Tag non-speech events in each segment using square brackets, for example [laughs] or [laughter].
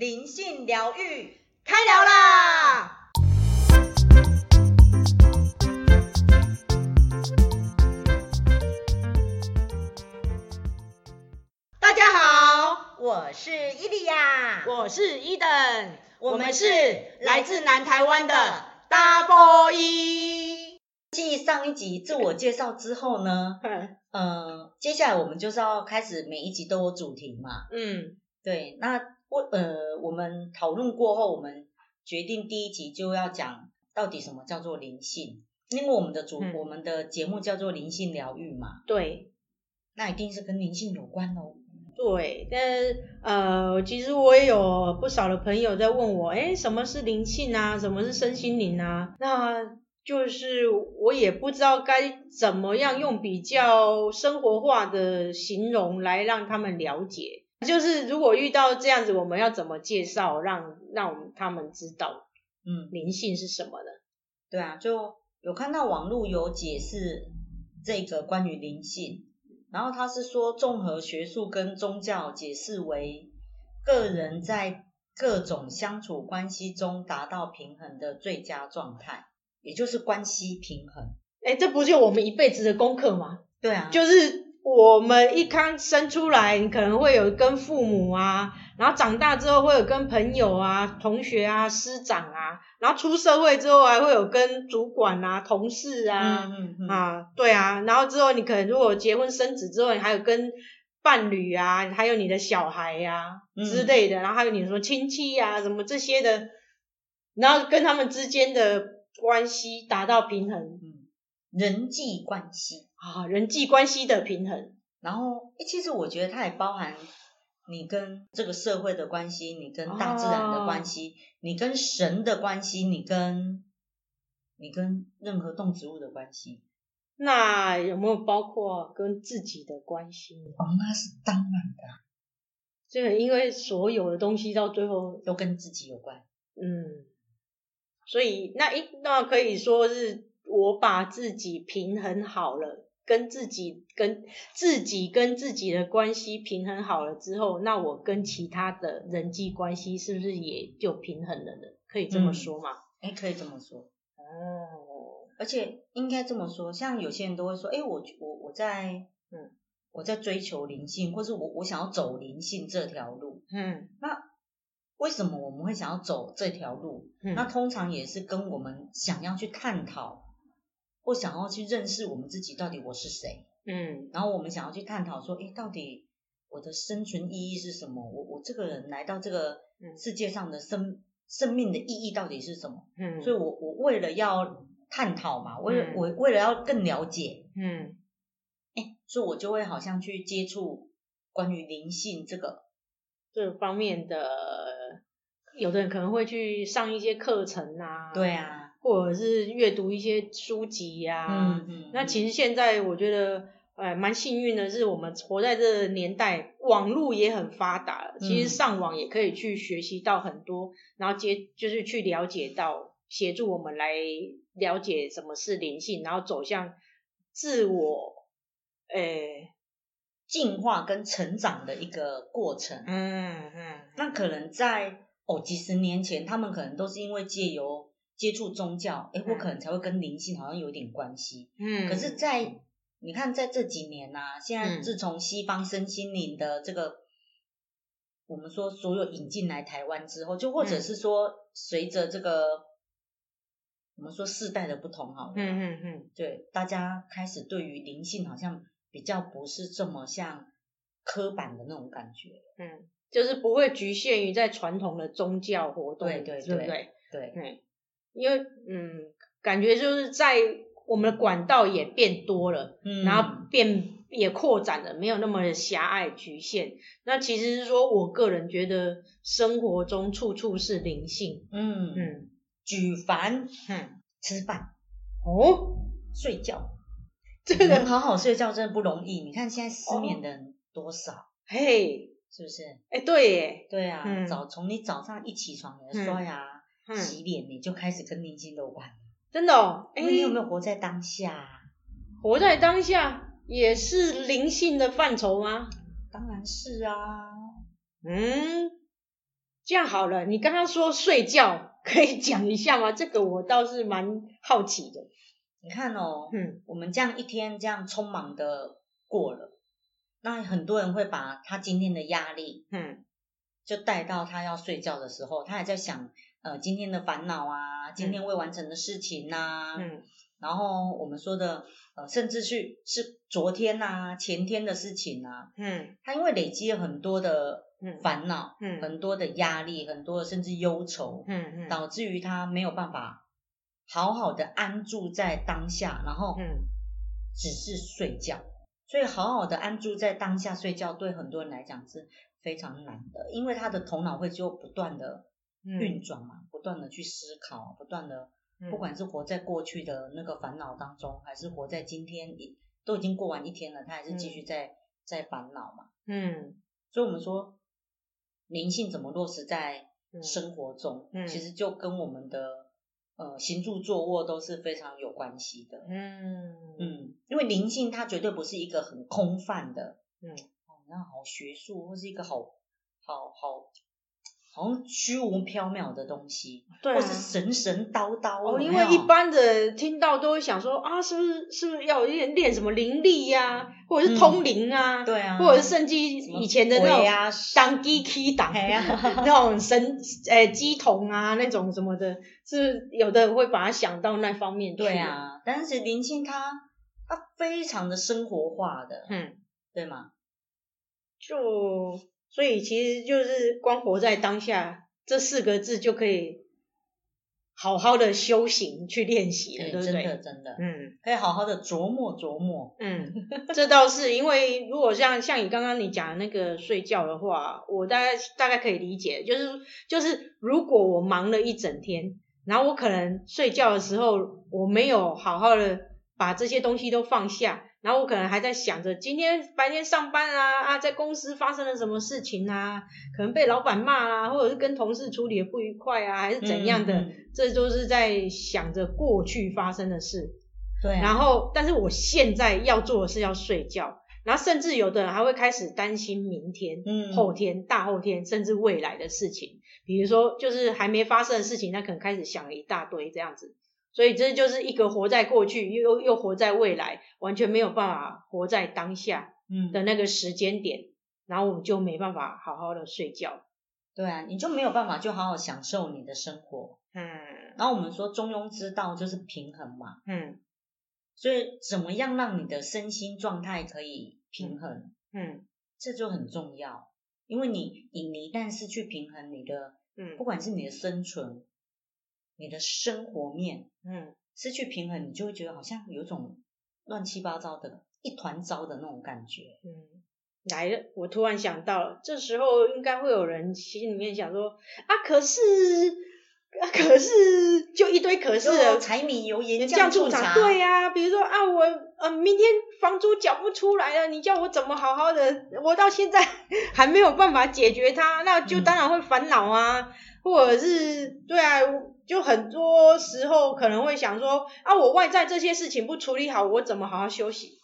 靈性療癒開聊啦！大家好，我是伊利亞，我是伊、e、登，我們是來自南台灣的大波一。記上一集自我介紹之後呢，嗯、 [laughs] 呃，接下來我們就是要開始每一集都有主題嘛，嗯，對，那。我呃，我們討論過後，我們決定第一集就要講到底什麼叫做靈性，因為我們的主、嗯、我們的節目叫做靈性聊遇嘛，對，那一定是跟靈性有關嘍、哦。對，但呃，其實我也有不少的朋友在問我，哎、欸，什麼是靈性啊？什麼是身心靈啊？那就是我也不知道該怎麼樣用比較生活化的形容來讓他們了解。就是如果遇到這樣子，我們要怎麼介紹，讓讓他們知道，嗯，靈性是什麼呢？嗯，對啊，就有看到網絡有解釋這個關於靈性，然後他是說綜合學術跟宗教解釋為個人在各種相處關係中達到平衡的最佳狀態，也就是關係平衡。欸，這不就是我們一輩子的功課嗎？對啊，就是。我們一剛生出來，你可能會有跟父母啊，然後長大之後會有跟朋友啊、同學啊、師長啊，然後出社會之後還會有跟主管啊、同事啊，嗯、哼哼啊，對啊，然後之後你可能如果結婚生子之後，你還有跟伴侶啊，還有你的小孩呀、啊、之類的，嗯、然後還有你說親戚呀、啊，什麼這些的，然後跟他們之間的關係達到平衡。人際關係啊，人際關係的平衡。然後，哎，其實我覺得它也包含你跟這個社會的關係，你跟大自然的關係，哦，你跟神的關係，你跟你跟任何動植物的關係。那有沒有包括跟自己的關係？哦，那是當然的，這個因為所有的東西到最後都跟自己有關。嗯，所以那一，那可以說是。我把自己平衡好了，跟自己跟自己跟自己的關係平衡好了之後，那我跟其他的人際關係是不是也就平衡了呢？可以這麼說嗎？哎，嗯，欸，可以這麼說。哦，而且應該這麼說，像有些人都會說，哎，欸，我我我在嗯我在追求靈性，或是我我想要走靈性這條路。嗯，那為什麼我們會想要走這條路？嗯，那通常也是跟我們想要去探討。我想要去認識我們自己，到底我是誰？嗯，然後我們想要去探討說，誒、欸，到底我的生存意義是什麼？我我這個人來到這個世界上的生、嗯、生命的意義到底是什麼？嗯，所以我我為了要探討嘛，我為了、嗯、我為了要更了解，嗯，誒、嗯欸，所以我就會好像去接觸關於靈性這個這個方面的，有的人可能會去上一些課程啊，對啊。或者是閱讀一些書籍呀、啊，嗯嗯嗯、那其實現在我覺得，呃蠻幸運的是，我們活在這個年代，網絡也很發達，嗯、其實上網也可以去學習到很多，然後接就是去了解到，協助我們來了解什麼是靈性，然後走向自我，哎、欸，進化跟成長的一個過程。嗯嗯，嗯那可能在哦幾十年前，他們可能都是因為借由。接觸宗教，哎、欸，我可能才會跟靈性好像有點關係。嗯，可是在，在你看，在這幾年呢、啊，現在自從西方身心靈的這個，嗯、我們說所有引進來台灣之後，就或者是說，隨着這個，嗯、我們說世代的不同，哈、嗯，嗯嗯嗯，對，大家開始對於靈性好像比較不是這麼像刻板的那種感覺，嗯，就是不會局限於在傳統的宗教活動，對對對，對。對對因為嗯，感覺就是在我們的管道也變多了，嗯，然後變也擴展了，沒有那麼的狹隘局限。那其實是說我個人覺得生活中處處是靈性，嗯嗯，舉凡哼，吃飯哦睡覺，這個人好好睡覺真的不容易。你看現在失眠的人多少，嘿，是不是？哎，對耶，對啊，早從你早上一起床刷牙。呀。洗臉你就開始跟靈性有關了，真的哦。哎、欸，你有沒有活在當下？活在當下也是靈性的範疇嗎？當然是啊。嗯，這樣好了，你剛剛說睡覺可以講一下嗎？這個我倒是蠻好奇的。你看哦，嗯，我們這樣一天這樣匆忙的過了，那很多人會把他今天的壓力，嗯，就帶到他要睡覺的時候，他還在想。呃，今天的煩惱啊，今天未完成的事情啊，嗯，然後我們說的，呃，甚至去是，是昨天啊，前天的事情啊，嗯，他因為累積了很多的煩惱，嗯，嗯，很多的壓力，很多甚至憂愁，嗯，嗯，導致於他沒有辦法好好的安住在當下，然後只是睡覺，所以好好的安住在當下睡覺，對很多人來講是非常難的，因為他的頭腦會就不斷的，運轉、嗯、嘛，不斷的去思考，不斷的，不管是活在過去的那個煩惱當中，嗯、還是活在今天都已經過完一天了，他還是繼續在、嗯、在煩惱嘛。嗯，所以，我們說靈、嗯、性怎麼落實在生活中，嗯、其實就跟我們的呃行住坐臥都是非常有關係的。嗯嗯，因為靈性它絕對不是一個很空泛的，嗯、哦，那好學術或是一個好好好。好好像虛無縹緲的東西，對啊、或者是神神叨叨。Oh, 有有因為一般的聽到都會想說啊，是不是是不是要練練什麼靈力呀、啊，或者是通靈啊、嗯？對啊，或者是甚至以前的那種也當機基黨，是啊、那種神哎乩童啊那種什麼的，是，是有的會把它想到那方面去。對啊，但是靈性他他非常的生活化的，嗯，對嗎？就。所以其實就是“光活在當下”這四個字就可以好好的修行去練習了，可以，對不對？真的真的，嗯，可以好好的琢磨琢磨。嗯， [laughs] 這倒是因為如果像像你剛剛你講的那個睡覺的話，我大概大概可以理解，就是就是如果我忙了一整天，然後我可能睡覺的時候我沒有好好的把這些東西都放下。然後我可能還在想着今天白天上班啊啊，在公司發生了什麼事情啊？可能被老闆罵啊，或者是跟同事處理的不愉快啊，還是怎樣的？嗯嗯、這都是在想着過去發生的事。對、啊。然後，但是我現在要做的是要睡覺。然後，甚至有的人還會開始擔心明天、嗯、後天、大後天，甚至未來的事情。比如說，就是還沒發生的事情，他可能開始想了一大堆這樣子。所以這就是一個活在過去又又活在未來，完全沒有辦法活在當下，嗯的那個時間點，嗯、然後我們就沒辦法好好的睡覺，對啊，你就沒有辦法就好好享受你的生活，嗯，然後我們說中庸之道就是平衡嘛，嗯，所以怎麼樣讓你的身心狀態可以平衡，嗯，嗯這就很重要，因為你你一旦失去平衡，你的，嗯，不管是你的生存。你的生活面，嗯，失去平衡，你就會覺得好像有種亂七八糟的一團糟的那種感覺，嗯，來了，我突然想到這時候應該會有人心裡面想說啊，可是、啊、可是就一堆可是，柴米油鹽醬醋茶，對呀、啊，比如說啊，我呃，明天房租繳不出來了，你叫我怎麼好好的？我到現在還沒有辦法解決它，那就當然會煩惱啊，嗯，或者是對啊。就很多時候可能會想說啊，我外在這些事情，不處理好，我怎麼好好休息，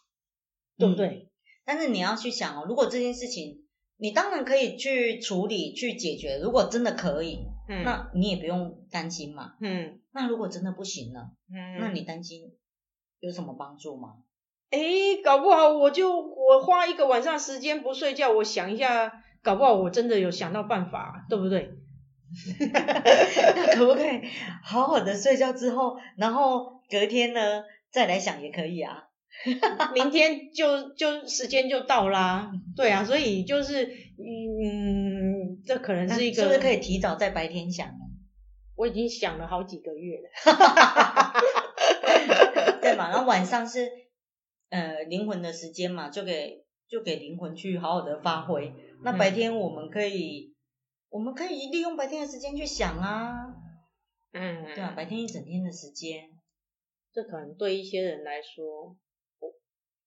對不對？嗯、但是你要去想哦，如果這件事情，你當然可以去處理去解決，如果真的可以，嗯，那你也不用擔心嘛。嗯，那如果真的不行了，嗯，那你擔心有什麼幫助嗎？誒、欸，搞不好我就我花一個晚上時間不睡覺，我想一下，搞不好我真的有想到辦法，對不對？ [laughs] 那可不可以好好的睡覺之後，然後隔天呢再來想也可以啊。 [laughs] 明天就就時間就到啦。對啊，所以就是嗯，這可能是一個是不是可以提早在白天想？我已經想了好幾個月了， [laughs] [laughs] 對嘛，然後晚上是呃靈魂的時間嘛，就給就給靈魂去好好的發揮。那白天我們可以。嗯我們可以利用白天的時間去想啊，嗯啊，對啊，白天一整天的時間，這可能對一些人來說，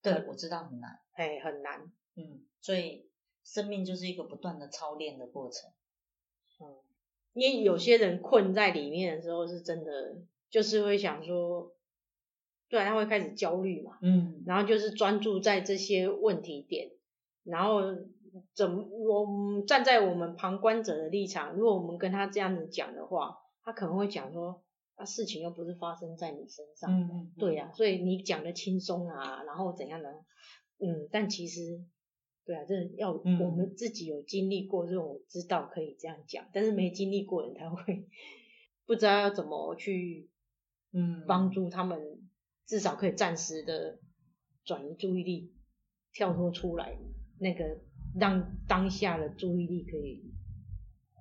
對，我知道很難，誒，很難，嗯，所以生命就是一個不斷的操練的過程，嗯，因為有些人困在裡面的時候，是真的，就是會想說，對，他會開始焦慮嘛，嗯，然後就是專注在這些問題點，然後。怎麼？我站在我們旁觀者的立場，如果我們跟他這樣子講的話，他可能會講說，啊，事情又不是發生在你身上，嗯嗯、對呀、啊，所以你講的輕鬆啊，然後怎樣呢，嗯，但其實，對啊，這要、嗯、我們自己有經歷過這種，知道可以這樣講，但是沒經歷過人，他會不知道要怎麼去，嗯，幫助他們，至少可以暫時的轉移注意力，跳脫出來那個。讓當下的注意力可以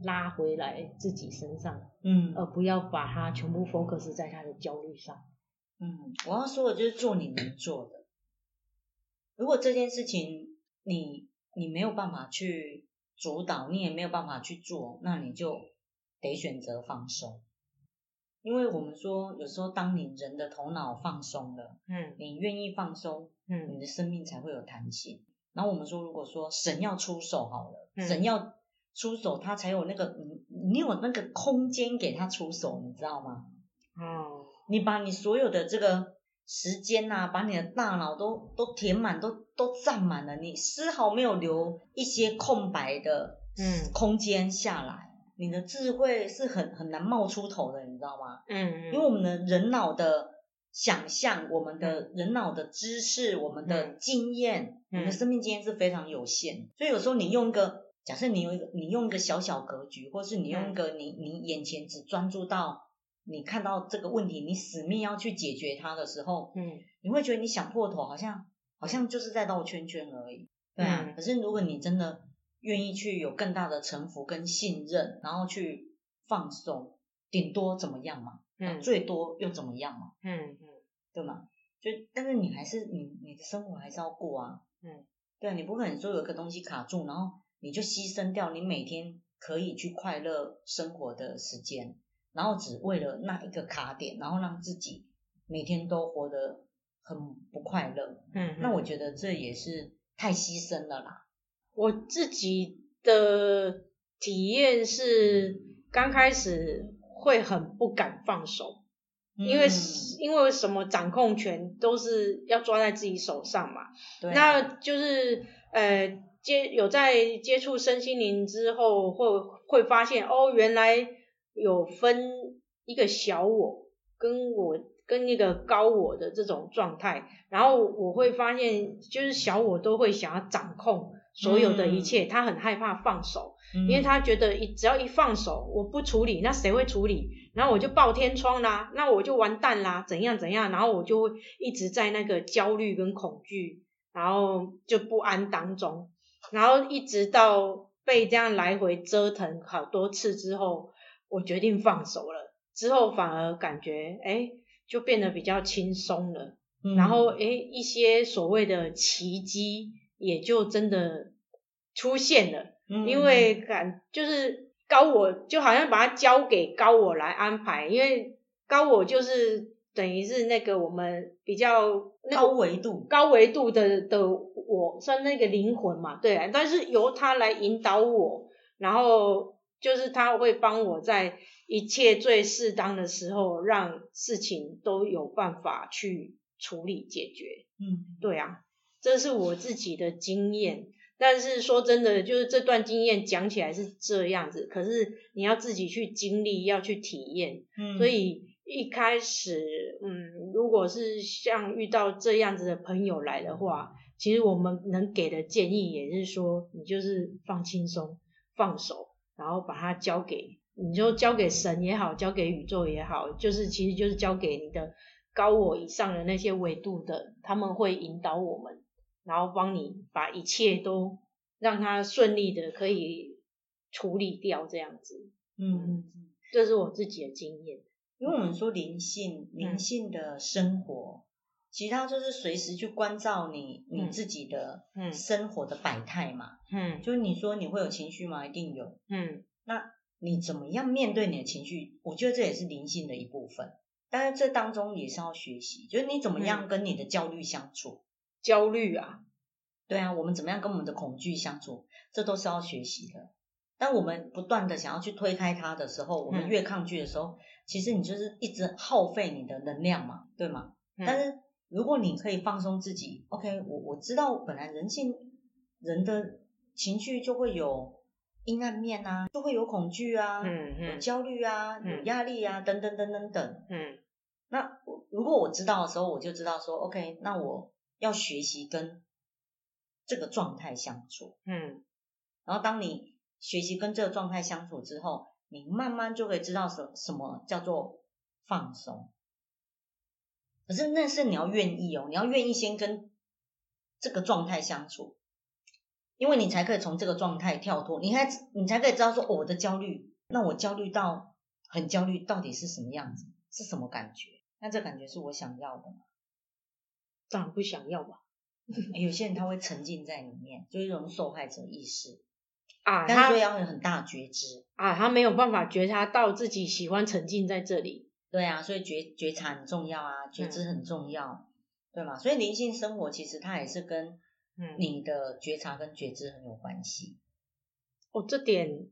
拉回來自己身上，嗯，而不要把它全部 focus 在他的焦慮上。嗯，我要說的就是做你能做的。如果這件事情你你沒有辦法去主導，你也沒有辦法去做，那你就得選擇放手。因為我們說，有時候當你人的頭腦放鬆了，嗯，你願意放鬆，嗯，你的生命才會有彈性。然後我們說，如果說神要出手，好了，嗯、神要出手，他才有那個你，你有那個空間給他出手，你知道嗎？哦、嗯，你把你所有的這個時間吶、啊，把你的大腦都都填滿，都都佔滿了，你絲毫沒有留一些空白的嗯空間下來，嗯、你的智慧是很很難冒出頭的，你知道嗎？嗯嗯，因為我們的人腦的想象，我們的人腦的知識，嗯、我們的經驗。嗯嗯、你的生命經驗是非常有限，所以有時候你用一個假設，你有一個你用一個小小格局，或是你用一個你、嗯、你眼前只專注到你看到這個問題，你死命要去解決它的時候，嗯，你會覺得你想破頭，好像好像就是在繞圈圈而已，對啊、嗯。可是如果你真的願意去有更大的臣服跟信任，然後去放手，頂多怎麼樣嘛？嗯，最多又怎麼樣嘛？嗯嗯，嗯對嘛？就但是你還是你你的生活還是要過啊。嗯，對，你不可能說有一個東西卡住，然後你就犧牲掉你每天可以去快樂生活的時間，然後只為了那一個卡點，然後讓自己每天都活得很不快樂。嗯哼，那我覺得這也是太犧牲了啦。我自己的體驗是，剛開始會很不敢放手。因為因為什麼掌控權都是要抓在自己手上嘛，對啊，那就是呃接有在接觸身心靈之後會，會會發現哦，原來有分一個小我跟我跟那個高我的這種狀態，然後我會發現就是小我都會想要掌控。所有的一切，嗯、他很害怕放手，嗯、因為他覺得一只要一放手，我不處理，那誰會處理？然後我就爆天窗啦，那我就完蛋啦，怎樣怎樣？然後我就一直在那個焦慮跟恐懼，然後就不安當中，然後一直到被這樣來回折騰好多次之後，我決定放手了。之後反而感覺哎、欸，就變得比較輕鬆了。然後誒、欸，一些所謂的奇蹟。也就真的出現了，因為感就是高我就好像把它交給高我來安排，因為高我就是等於是那個我們比較、那個，高維度高維度的的我，算那個靈魂嘛，對啊，但是由他來引導我，然後就是他會幫我在一切最適當的時候讓事情都有辦法去處理解決，嗯，對啊。這是我自己的經驗，但是說真的，就是這段經驗講起來是這樣子，可是你要自己去經歷，要去體驗。嗯，所以一開始，嗯，如果是像遇到這樣子的朋友來的話，其實我們能給的建議也是說，你就是放輕鬆，放手，然後把它交給，你就交給神也好，交給宇宙也好，就是其實就是交給你的高我以上的那些維度的，他們會引導我們。然後幫你把一切都讓它順利的可以處理掉，這樣子，嗯，這是我自己的經驗。因為我們說靈性，嗯、靈性的生活，其他就是隨時去關照你，嗯、你自己的生活的百態嘛，嗯，就是你說你會有情緒嗎？一定有，嗯，那你怎麼樣面對你的情緒？我覺得這也是靈性的一部分，但是這當中也是要學習，就是你怎麼樣跟你的焦慮相處。嗯焦慮啊，對啊，我們怎麼樣跟我們的恐懼相處，這都是要學習的。當我們不斷的想要去推開它的時候，我們越抗拒的時候，嗯、其實你就是一直耗費你的能量嘛，對嗎？嗯、但是如果你可以放鬆自己，OK，我我知道本來人性、人的情緒就會有陰暗面啊，就會有恐懼啊、嗯嗯、啊，有焦慮啊，有壓力啊，嗯、等等等等等等。嗯，那如果我知道的時候，我就知道說，OK，那我。要學習跟這個狀態相處，嗯，然後當你學習跟這個狀態相處之後，你慢慢就會知道什什麼叫做放鬆。可是那是你要願意哦，你要願意先跟這個狀態相處，因為你才可以從這個狀態跳脫，你還你才可以知道說，哦，我的焦慮，那我焦慮到很焦慮到底是什麼樣子，是什麼感覺？那這感覺是我想要的？當然不想要吧、 [laughs] 欸。有些人他會沉浸在裡面，就是，一種受害者意識啊。他是要很，很大覺知啊，他沒有辦法覺察到自己喜歡沉浸在這裡。嗯、對啊，所以覺覺察很重要啊，覺知很重要，嗯、對吧？所以靈性生活其實它也是跟你的覺察跟覺知很有關係。嗯、哦，這點、嗯、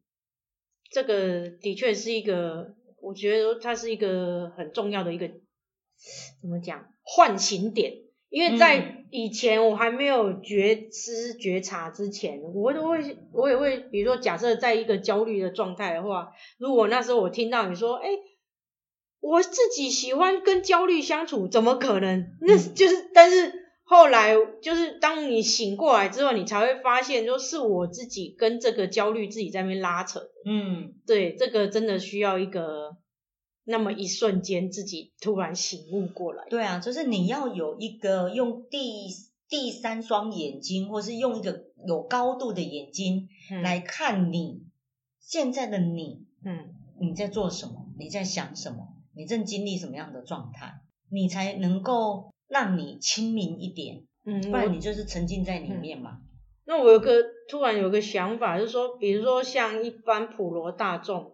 這個的確是一個，我覺得它是一個很重要的一個怎麼講喚醒點。因為在以前我還沒有覺知覺察之前，我都會我也會，比如說假設在一個焦慮的狀態的話，如果那時候我聽到你說，哎，我自己喜歡跟焦慮相處，怎麼可能？那就是，但是後來就是當你醒過來之後，你才會發現，說是我自己跟這個焦慮自己在那邊拉扯。嗯，對，這個真的需要一個。那麼一瞬間，自己突然醒悟過來。對啊，就是你要有一個用第第三雙眼睛，或是用一個有高度的眼睛來看你，嗯，現在的你，嗯，你在做什麼？你在想什麼？你正經歷什麼樣的狀態？你才能夠讓你清明一點。嗯，不然你就是沉浸在裡面嘛。嗯，那我有個突然有個想法，就是說，比如說像一般普羅大眾。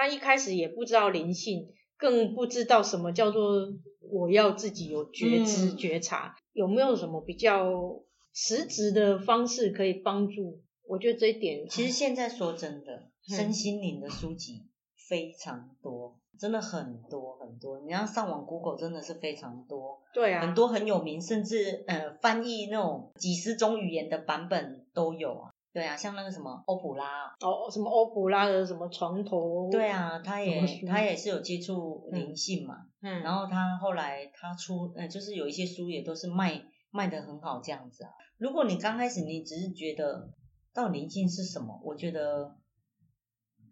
他一開始也不知道靈性，更不知道什麼叫做我要自己有覺知、覺察，嗯、有沒有什麼比較實質的方式可以幫助？我覺得這一點，其實現在說真的，嗯、身心靈的書籍非常多，真的很多很多。你像上網 Google，真的是非常多，對啊，很多很有名，甚至呃翻譯那種幾十種語言的版本都有啊。對啊，像那個什麼歐普拉哦，什麼歐普拉的什麼床頭。對啊，他也他也是有接觸靈性嘛，嗯，然後他後來他出，嗯，就是有一些書也都是賣賣得很好這樣子啊。如果你剛開始你只是覺得到底靈性是什麼，我覺得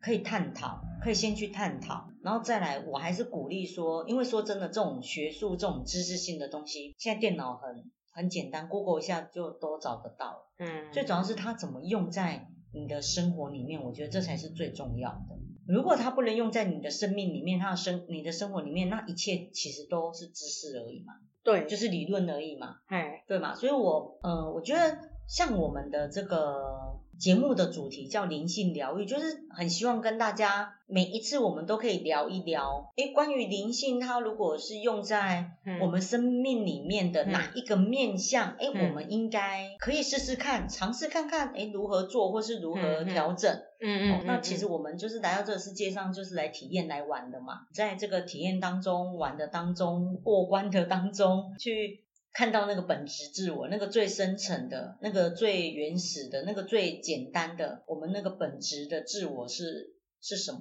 可以探討，可以先去探討，然後再來，我還是鼓勵說，因為說真的，這種學術這種知識性的東西，現在電腦很。很簡單，Google 一下就都找得到。嗯，最主要是它怎麼用在你的生活裡面，我覺得這才是最重要的。如果它不能用在你的生命裡面，它的生你的生活裡面，那一切其實都是知識而已嘛，對，就是理論而已嘛，嘿對嘛。所以我，我呃，我覺得像我們的這個。節目的主題叫靈性聊遇，就是很希望跟大家每一次我們都可以聊一聊，誒關於靈性，它如果是用在我們生命裡面的哪一個面向，嗯、誒我們應該可以試試看，嘗試看看，誒如何做或是如何調整。嗯。嗯哦、嗯那其實我們就是來到這個世界上，就是來體驗、來玩的嘛，在這個體驗當中、玩的當中、過關的當中去。看到那個本質自我，那個最深層的、那個最原始的、那個最簡單的，我們那個本質的自我是是什麼，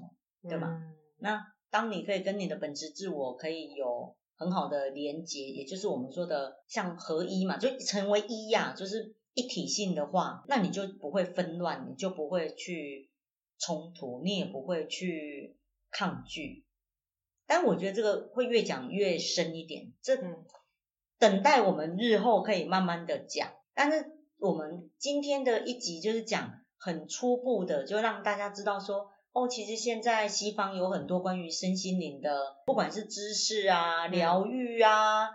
對嗎？嗯、那當你可以跟你的本質自我可以有很好的連接，也就是我們說的像合一嘛，就成為一呀、啊，就是一體性的話，那你就不會紛亂，你就不會去衝突，你也不會去抗拒。但我覺得這個會越講越深一點，這。嗯等待我們日後可以慢慢的講，但是我們今天的一集就是講很初步的，就讓大家知道說，哦，其實現在西方有很多關於身心靈的，不管是知識啊、療癒啊，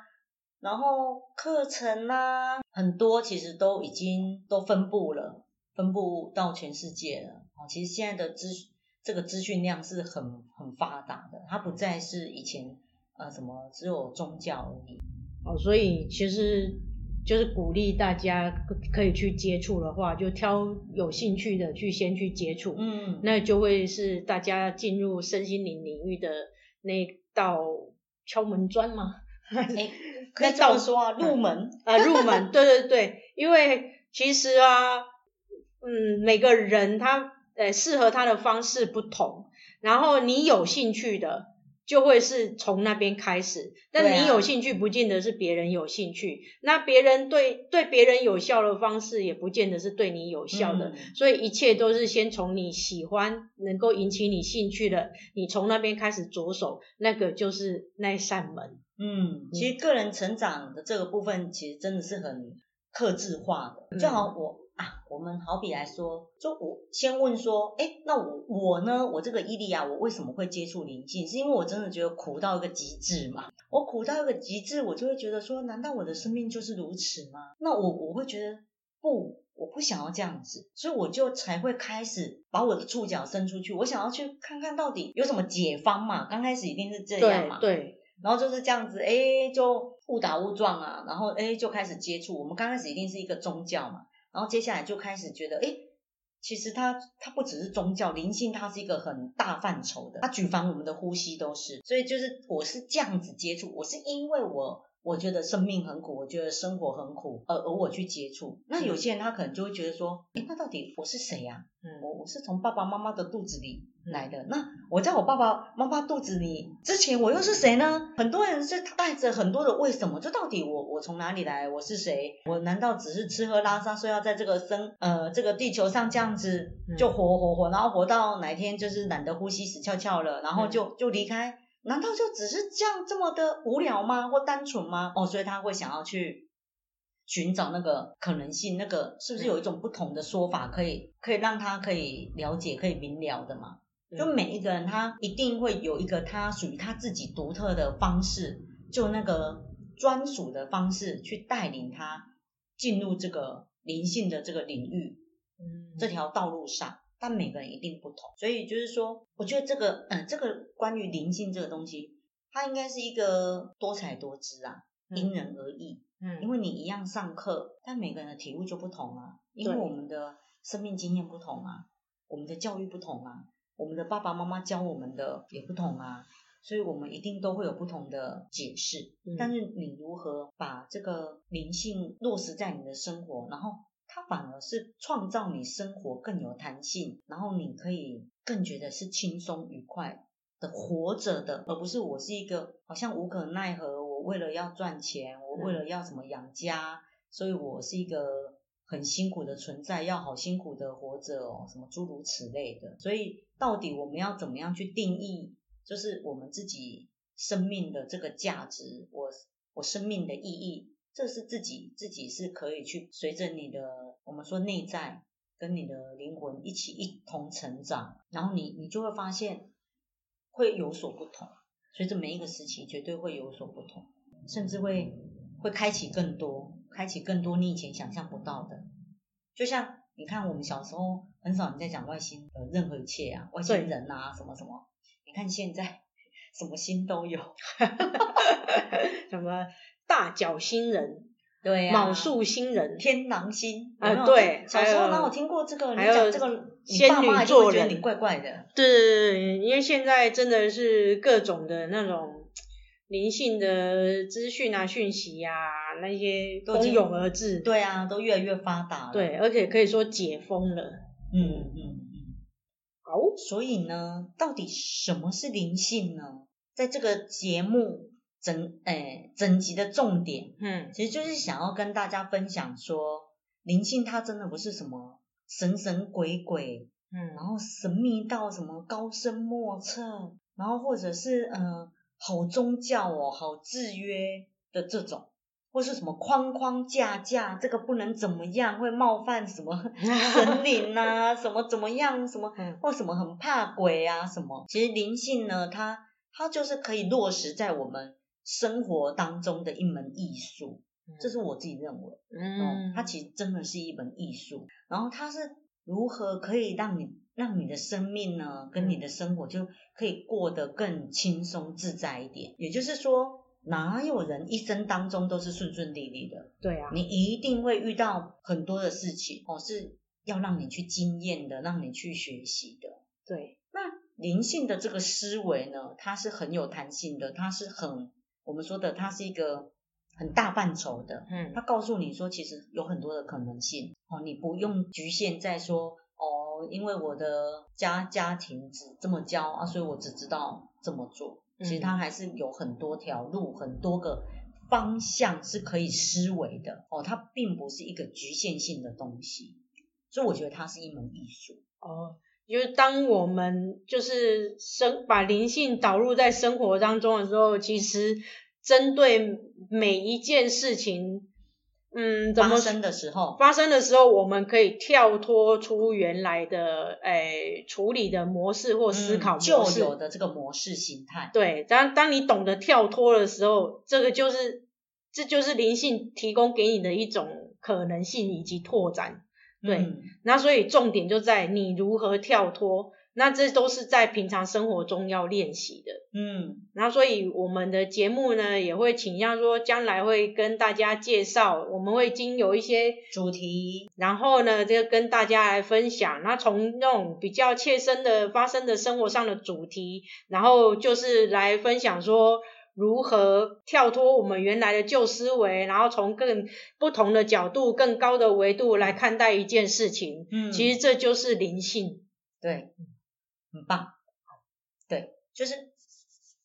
然後課程啊，很多其實都已經都分布了，分布到全世界了。其實現在的資這個資訊量是很很發達的，它不再是以前啊、呃，什麼只有宗教而已。哦，所以其實就是鼓勵大家可以去接觸的話，就挑有興趣的去先去接觸，嗯，那就會是大家進入身心靈領域的那道敲門磚嗎？那照說啊， [laughs] 入門、嗯、 [laughs] 啊，入門，對對對，因為其實啊，嗯，每個人他呃適合他的方式不同，然後你有興趣的。嗯就會是從那邊開始，但你有興趣不見得是別人有興趣，啊、那別人對對別人有效的方式，也不見得是對你有效的。嗯、所以一切都是先從你喜歡、能夠引起你興趣的，你從那邊開始着手，那個就是那一扇門。嗯，其實個人成長的這個部分，其實真的是很客製化的。正、嗯、好我。啊，我們好比來說，就我先問說，哎、欸，那我我呢，我這個伊利亞，我為什麼會接觸靈性？是因為我真的覺得苦到一個極致嘛？我苦到一個極致，我就會覺得說，難道我的生命就是如此嗎？那我我會覺得不，我不想要這樣子，所以我就才會開始把我的觸角伸出去，我想要去看看到底有什麼解方嘛？剛開始一定是這樣嘛，對，對然後就是這樣子，哎、欸，就誤打誤撞啊，然後哎、欸，就開始接觸。我們剛開始一定是一個宗教嘛。然後接下來就開始覺得，欸，其實它它不只是宗教，靈性它是一個很大範疇的，它舉凡我們的呼吸都是。所以就是我是這樣子接觸，我是因為我我覺得生命很苦，我覺得生活很苦，而而我去接觸。那有些人他可能就會覺得說，欸，那到底我是誰呀？嗯，我我是從爸爸媽媽的肚子裡來的那，我在我爸爸媽媽肚子裡之前，我又是誰呢？很多人是帶着很多的為什麼，就到底我我從哪裡來？我是誰？我難道只是吃喝拉撒，說要在這個生呃這個地球上這樣子就活活活，然後活到哪天就是懶得呼吸死翹翹了，然後就就離開？難道就只是這樣這麼的無聊嗎？或單純嗎？哦，所以他會想要去尋找那個可能性，那個是不是有一種不同的說法，可以可以讓他可以了解、可以明了的嘛？就每一個人，他一定會有一個他屬於他自己獨特的方式，就那個專屬的方式去帶領他進入這個靈性的這個領域，嗯、這條道路上，但每個人一定不同。所以就是說，我覺得這個嗯、呃，這個關於靈性這個東西，它應該是一個多彩多姿啊，嗯、因人而異。嗯，因為你一樣上課，但每個人的體悟就不同啊，因為我們的生命經驗不同啊，對我們的教育不同啊。我們的爸爸媽媽教我們的也不同啊，所以我們一定都會有不同的解釋。但是你如何把這個靈性落實在你的生活，然後它反而是創造你生活更有彈性，然後你可以更覺得是輕鬆愉快的活着的，而不是我是一個好像無可奈何，我為了要賺錢，我為了要什麼養家，所以我是一個。很辛苦的存在，要好辛苦的活着哦，什麼諸如此類的。所以，到底我們要怎麼樣去定義，就是我們自己生命的這個價值，我我生命的意義，這是自己自己是可以去隨着你的，我們說內在跟你的靈魂一起一同成長，然後你你就會發現會有所不同，隨着每一個時期絕對會有所不同，甚至會。會開啟更多，開啟更多你以前想象不到的。就像你看，我們小時候很少人在講外星的任何一切啊，外星人啊，對什麼什麼。你看現在什麼星都有， [laughs] 什麼大角星人，對呀、啊，昴宿星人，天狼星啊，對。有有小時候哪有聽過這個？還有你講這個，你爸媽一定會覺得你怪怪的。對，因為現在真的是各種的那種。靈性的資訊啊、訊息啊，那些都蜂擁而至，對啊，都越來越發達。對，而且可以說解封了。嗯嗯嗯，嗯嗯好。所以呢，到底什麼是靈性呢？在這個節目整誒、欸、整集的重點，嗯，其實就是想要跟大家分享說，靈性它真的不是什麼神神鬼鬼，嗯，然後神秘到什麼高深莫測，然後或者是嗯。呃好宗教哦，好制約的這種，或是什麼框框架架，這個不能怎麼樣，會冒犯什麼神靈啊， [laughs] 什麼怎麼樣，什麼或什麼很怕鬼啊，什麼。其實靈性呢，它它就是可以落實在我們生活當中的一門藝術，這是我自己認為，嗯，嗯，它其實真的是一門藝術。然後它是如何可以讓你，讓你的生命呢，跟你的生活就可以過得更輕鬆自在一點。也就是說，哪有人一生當中都是順順利利的？對啊，你一定會遇到很多的事情哦，是要讓你去經驗的，讓你去學習的。對，那靈性的這個思維呢，它是很有彈性的，它是很我們說的，它是一個很大範疇的。嗯，它告訴你說，其實有很多的可能性哦，你不用局限在說。因為我的家家庭只這麼教啊，所以我只知道這麼做。其實它還是有很多條路，嗯、很多個方向是可以思維的哦。它並不是一個局限性的東西，所以我覺得它是一門藝術。嗯、哦，就是當我們就是生把靈性導入在生活當中的時候，其實針對每一件事情。嗯，怎麼，發生的時候，發生的時候，我們可以跳脫出原來的誒、哎、處理的模式或思考模式，嗯、舊有的這個模式形態。對，當當你懂得跳脫的時候，這個就是這就是靈性提供給你的一種可能性以及拓展。對，嗯、那所以重點就在你如何跳脫。那這都是在平常生活中要練習的，嗯，然後所以我們的節目呢也會傾向說，將來會跟大家介紹，我們會經由一些主題，然後呢就跟大家來分享。那從那種比較切身的發生的生活上的主題，然後就是來分享說如何跳脫我們原來的舊思維，然後從更不同的角度、更高的維度來看待一件事情。嗯，其實這就是靈性，對。很棒，對，就是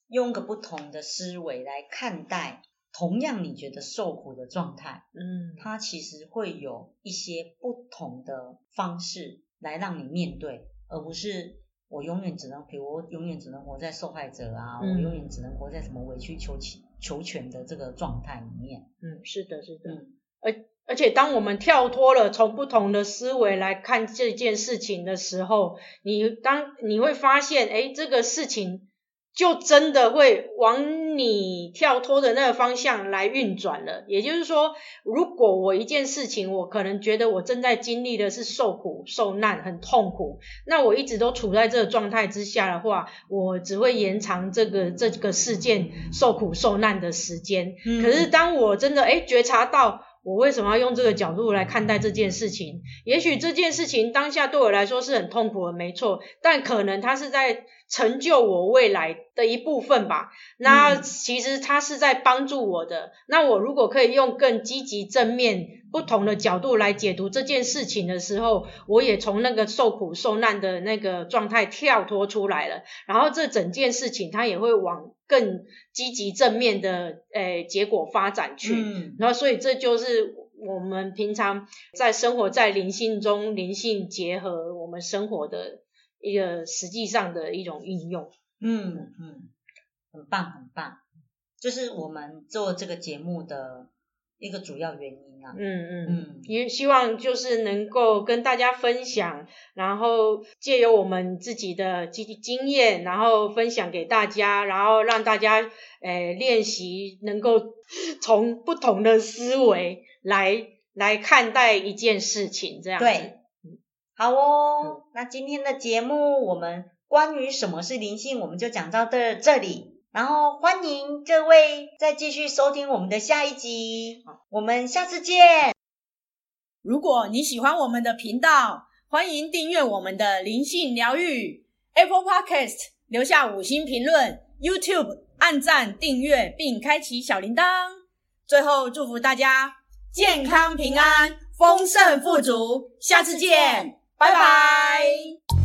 用個不同的思維來看待同樣你覺得受苦的狀態，嗯，它其實會有一些不同的方式來讓你面對，而不是我永遠只能，比如我永遠只能活在受害者啊，嗯、我永遠只能活在什麼委曲求求全的這個狀態裡面，嗯，是的，是的，嗯，哎、欸。而且，當我們跳脫了，從不同的思維來看這件事情的時候，你當你會發現，哎，這個事情就真的會往你跳脫的那個方向來運轉了。也就是說，如果我一件事情，我可能覺得我正在經歷的是受苦受難，很痛苦，那我一直都處在這個狀態之下的話，我只會延長這個這個事件受苦受難的時間。嗯、可是，當我真的誒覺察到。我為什麼要用這個角度來看待這件事情？也許這件事情當下對我來說是很痛苦的，沒錯，但可能它是在。成就我未來的一部分吧。那其實它是在幫助我的。嗯、那我如果可以用更積極、正面、不同的角度來解讀這件事情的時候，我也從那個受苦受難的那個狀態跳脫出來了。然後這整件事情它也會往更積極、正面的誒、哎、結果發展去。然後、嗯、所以這就是我們平常在生活在靈性中，靈性結合我們生活的一個實際上的一種運用，嗯嗯，很棒很棒，就是我們做這個節目的一個主要原因啊，嗯嗯嗯，嗯嗯也希望就是能夠跟大家分享，然後借由我們自己的經經驗，然後分享給大家，然後讓大家誒、呃、練習，能夠從不同的思維來、嗯、來，來看待一件事情，這樣子。對。好哦，那今天的節目我們關於什麼是靈性，我們就講到這這裡。然後歡迎各位再繼續收聽我們的下一集。我們下次見。如果你喜歡我們的頻道，歡迎訂閱我們的靈性療癒，Apple Podcast，留下五星評論。YouTube 按讚訂閱並開啟小鈴鐺。最後祝福大家健康平安，平安、豐盛富足。下次見。拜拜。拜拜。